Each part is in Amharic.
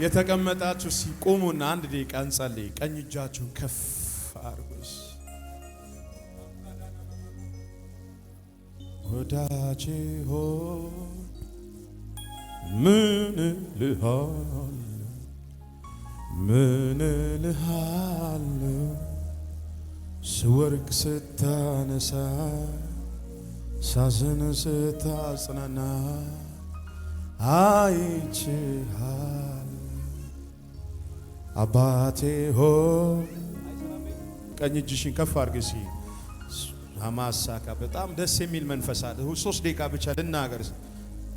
የተቀመጣችሁ ሲቆሙና አንድ ደቂቃ እንጸልይ። ቀኝ እጃችሁን ከፍ አርጉስ። ወዳጅ ሆ ምን ልሃለሁ፣ ምን ልሃል ስወርቅ ስታነሳ፣ ሳዝን ስታጽናና አይችሃ አባቴ ሆይ ቀኝ እጅሽን ከፍ አድርገሽ አማሳካ። በጣም ደስ የሚል መንፈስ አለ። ሶስት ደቂቃ ብቻ ልናገር።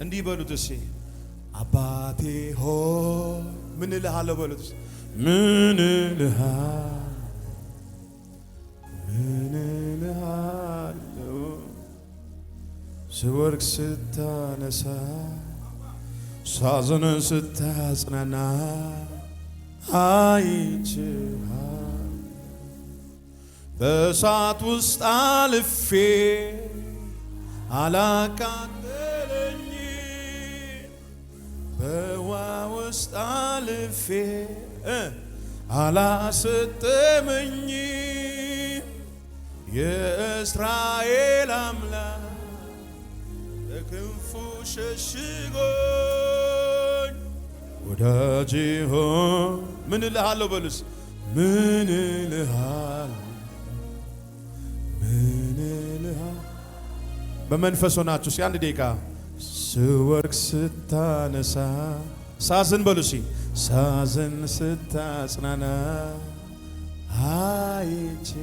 እንዲህ በሉት እሴ አባቴ ሆይ ምን እልሃለሁ በሉት። ምን እልሃለሁ ስወርቅ ስታነሳ ሳዝን ስታጽናና አይችሃል በእሳት ውስጥ አልፌ አላቃጠለኝ በዋ ውስጥ አልፌ አላሰጠመኝ የእስራኤል አምላክ በክንፉ ሸሽጎ ወዳጅ ሆይ ምን እልሃለሁ በሉስ ምን እልሃለሁ ምን እልሃለሁ በመንፈስ ሆናችሁ እስኪ አንድ ደቂቃ ስወርቅ ስታነሳ ሳዝን ሳዝን ስታጽናና አይቼ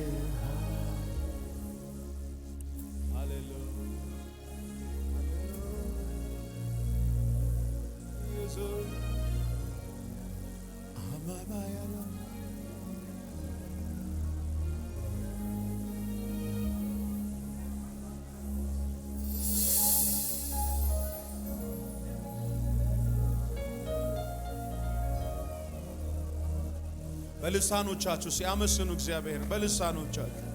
በልሳኖቻችሁ ሲያመስኑ እግዚአብሔር በልሳኖቻችሁ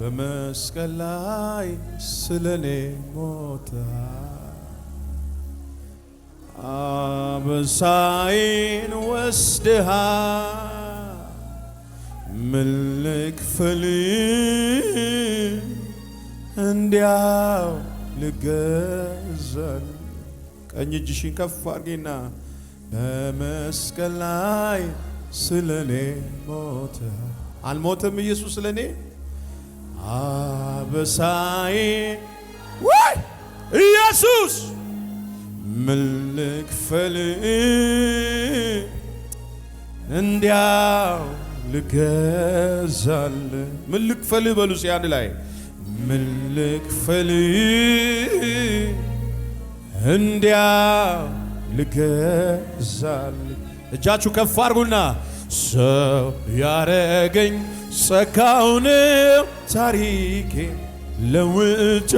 በመስቀል ላይ ስለኔ ሞታ አበሳይን ወስድሃል ምን ልክፈል እንዲያው ልገዛል። ቀኝ እጅሽን ከፍ አድርጊና በመስቀል ላይ ስለ እኔ ሞተ። አልሞተም ኢየሱስ ስለ እኔ አበሳዬ ወይ ኢየሱስ ምን እንዲያው ልገዛል ምን ልክፈል በሉ ሲ አንድ ላይ ምን ልክፈል እንዲያ ልገዛል እጃችሁ ከፍ አድርጉና ሰው ያረገኝ ጸጋውን ታሪኬ ለውጮ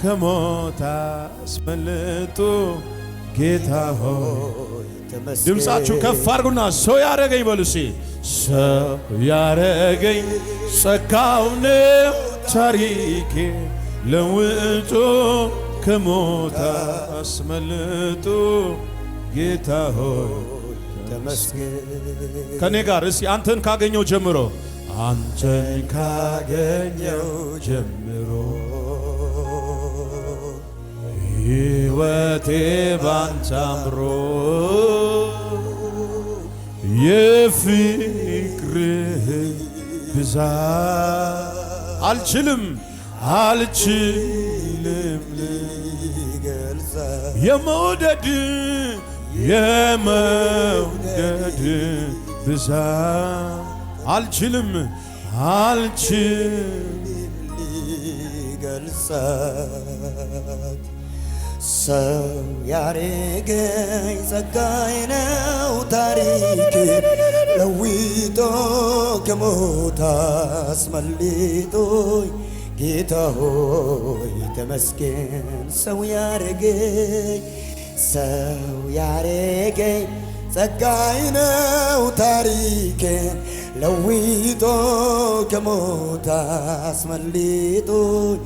ከሞት አስመልጦ ጌታ ሆይ ድምፃችሁ ከፍ አርጉና ሰው ያረገኝ በሉ ሲ ሰው ያረገኝ ጸጋውን ታሪኬ ለውጦ ከሞት አስመልጦ ጌታ ሆይ ተመስገን። ከኔ ጋር እስኪ አንተን ካገኘው ጀምሮ አንተን ካገኘው ጀምሮ ሕይወቴ ባንተ አምሮ የፍቅርህ ብዛት አልችልም አልችልም ልገልጸ የመውደድ የመውደድ ብዛት አልችልም አልችልም ልገልጸ ሰው ያረገኝ ጸጋዬ ነው ታሪኬ ለዊጦ ከሞት አስመልጦኝ ጌታ ሆይ ተመስገን። ሰው ያረገኝ ሰው ያረገኝ ጸጋዬ ነው ታሪኬ ለዊጦ ከሞት አስመልጦኝ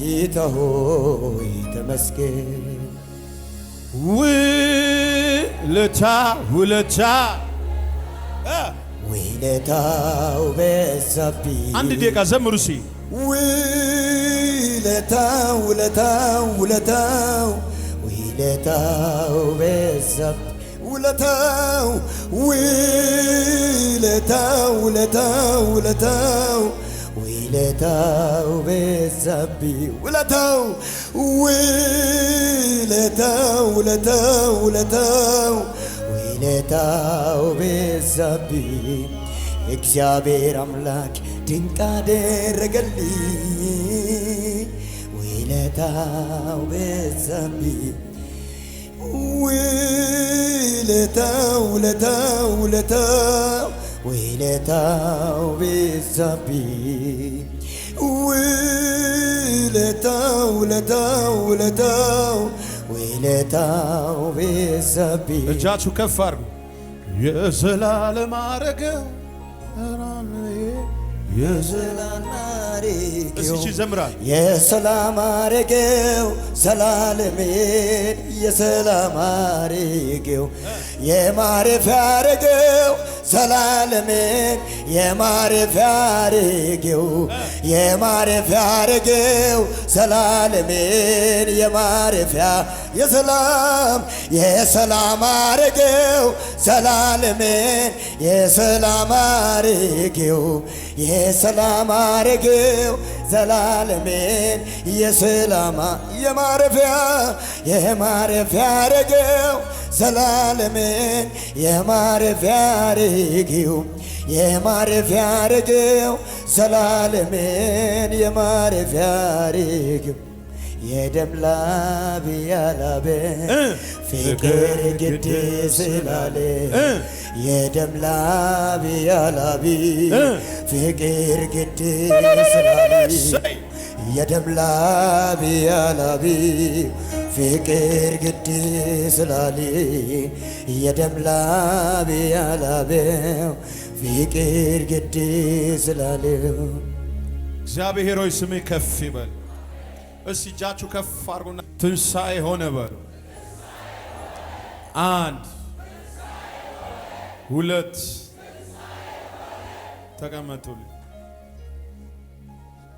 ጌታ ሆይ ተመስገን። ውለታ ውለታ ውለታው በዛብኝ። አንድ ደቂቃ ዘምሩ ሲ ውለታው ውለታው ውለታው ውለታው በዛብኝ ውለታው ውለታው ውለታው ውለታው ويلتاو بالزبي ولتاو ويلتاو ولتاو ولتاو ويلتاو بالزبي اكزابير املاك تنكا درقلي ويلتاو بالزبي ويلتاو ولتاو ولتاو ውለታው በዛብኝ ውለታው ውለታው ውለታው ውለታው በዛብኝ እጃችሁ ከፍ አድርጉ። የዘላለም ማረግ የሰላም አረጌው ዘላለሜን የሰላም አረጌው የማረፊያ አረጌው ዘላለምን የማረፊያ አርጌው የማረፊያ አርጌው ዘላለምን የማረፊያ የሰላም የሰላም አርጌው ዘላለምን የሰላም አርጌው የሰላም አረጌው ዘላለሜን የሰላማ የማረፊያ የማረፊያ አረጌው ዘላለሜን የማረፊያ አረጌው የማረፊያ አረጌው ዘላለሜን የማረፊያ አረጌው የደም ላብ ያላበ ፍቅር ግድ ስላለ የደም ላብ ያላቢ ፍቅር ግድ ስላለ የደም ላብ ያላቢ ፍቅር ግድ ስላለ የደም ላብ ያላበ ፍቅር ግድ ስላለ እግዚአብሔር ሆይ ስምህ ከፍ ይበል። እስቲ እጃችሁ ከፍ አድርጉና ትንሣኤ ሆነ በሉ። አንድ ሁለት ተቀመጡልኝ።